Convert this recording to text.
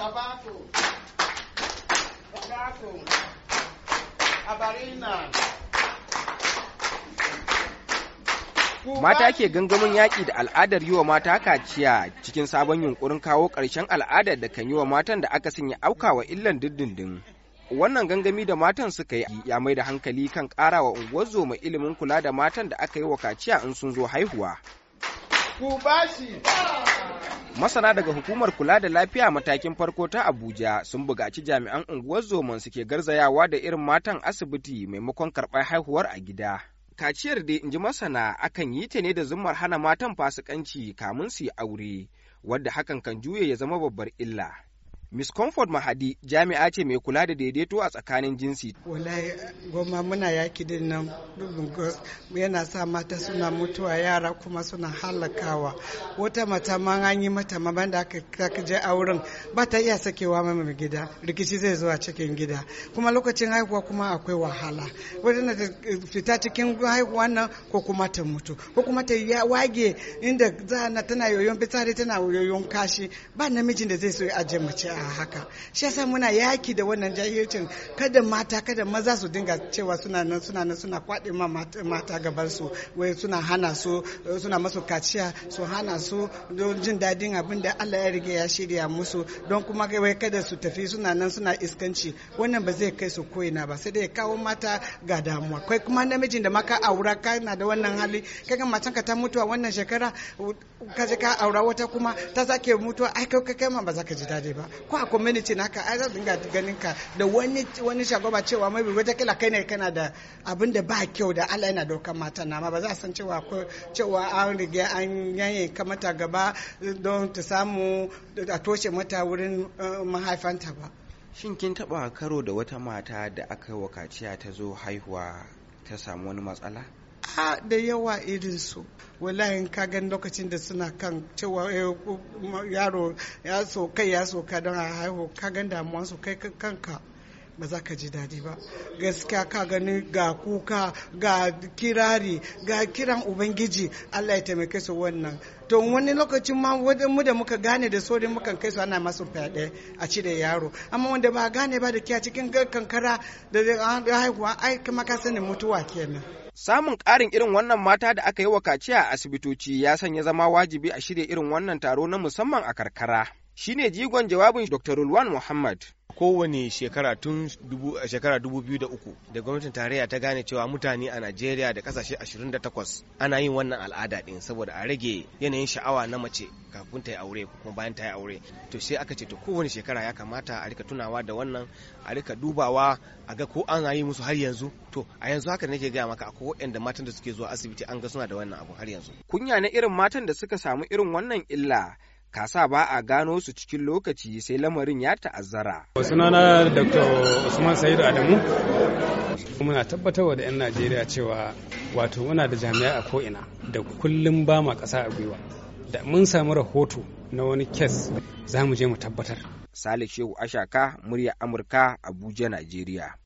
Tabaco, Abarina. Mata ke gangamin yaƙi da al'adar yi wa mata kaciya cikin sabon yunkurin kawo ƙarshen al'adar da kan yi wa matan da aka sanya wa illan dindindin. Wannan gangami da matan suka yi ya mai da hankali kan ƙara wa unguwar zoma ilimin kula da matan da aka yi wa kaciya in sun zo haihuwa. Ku bashi! Masana daga hukumar kula da lafiya matakin farko ta Abuja sun bugaci jami'an unguwar zoman suke garzayawa da irin matan asibiti maimakon karɓar haihuwar a gida. Kaciyar dai in ji masana akan yi ta ne da zumar hana matan fasikanci kamun su yi aure, wadda hakan kan juya ya zama babbar illa. Miss Comfort Mahadi jami'a ce mai kula da daidaito a tsakanin jinsi. Wallahi goma muna yaki din nan yana sa mata suna mutuwa yara kuma suna halakawa. Wata mata ma an yi mata ma banda aka je auren ba ta iya sakewa mai gida rikici zai zuwa cikin gida kuma lokacin haihuwa kuma akwai wahala. Wajen ta fita cikin haihuwa nan ko kuma ta mutu ko kuma ta wage inda na tana yoyon fitsari tana yoyon kashi ba namijin da zai so ya aje mace a haka shi yasa muna yaki da wannan jahilcin kada mata kada maza su dinga cewa suna nan suna nan suna kwaɗe ma mata gaban su wai suna hana su suna masu kaciya su hana su don jin dadin abin da Allah ya rige ya shirya musu don kuma wai kada su tafi suna nan suna iskanci wannan ba zai kai su koyina ba sai dai kawo mata ga damuwa kai kuma namijin da maka aura kana da wannan hali kaga matanka ta mutuwa wannan shekara kaje ka aura wata kuma ta sake mutuwa ai kai kai ma ba za ka ji dadi ba ko a community naka ka za dinga ganin ka da wani wani cewa mai wata kila kai ne kana da abin da ba kyau da Allah yana dokan mata na ba za a san cewa ko cewa an riga an yanye ka mata gaba don ta samu a toshe mata wurin eh, mahaifanta ba shin kin taba karo da wata mata da aka wakaciya ta zo haihuwa ta samu wani matsala a da yawa su wallahi ka gan lokacin da suna kan cewa eh, yaro ya soka ya soka don a haihu ka gan su kai kanka ba za ka ji daɗi ba gaskiya ka gani ga kuka ga kirari ga kiran ubangiji allah ya taimake su wannan to wani lokacin ma wajen mu da muka gane da sauri mukan kai su ana masu fyaɗe a da yaro amma wanda ba gane ba da kiya cikin kankara da haihuwa ai kuma ka sani mutuwa kenan Samun ƙarin irin wannan mata da aka yi wa kaciya a asibitoci ya sanya zama wajibi a shirya irin wannan taro na musamman a karkara. Shi ne jigon jawabin Dr. Rulwan Muhammad. kowane shekara tun shekara 2003 da gwamnatin tarayya ta gane cewa mutane a najeriya da kasashe 28 ana yin wannan al'ada din saboda a rage yanayin sha'awa na mace kafin ta yi aure ko kuma bayan ta yi aure to sai aka ce to kowane shekara ya kamata a rika tunawa da wannan a rika dubawa a ga ko an yi musu har yanzu to a yanzu haka nake gaya maka akwai waɗanda matan da suke zuwa asibiti an ga suna da wannan abu har yanzu kunya na irin matan da suka samu irin wannan illa kasa ba a gano su cikin lokaci sai lamarin ya ta'azzara. sunana dr usman sa'idu adamu muna tabbatarwa da 'yan najeriya cewa wato muna da jami'a a ko'ina da kullum ba ma ƙasa a gwiwa da mun samu rahoto na wani kes za mu je mu tabbatar. Salik Shehu Ashaka, murya Amurka, Abuja, Najeriya.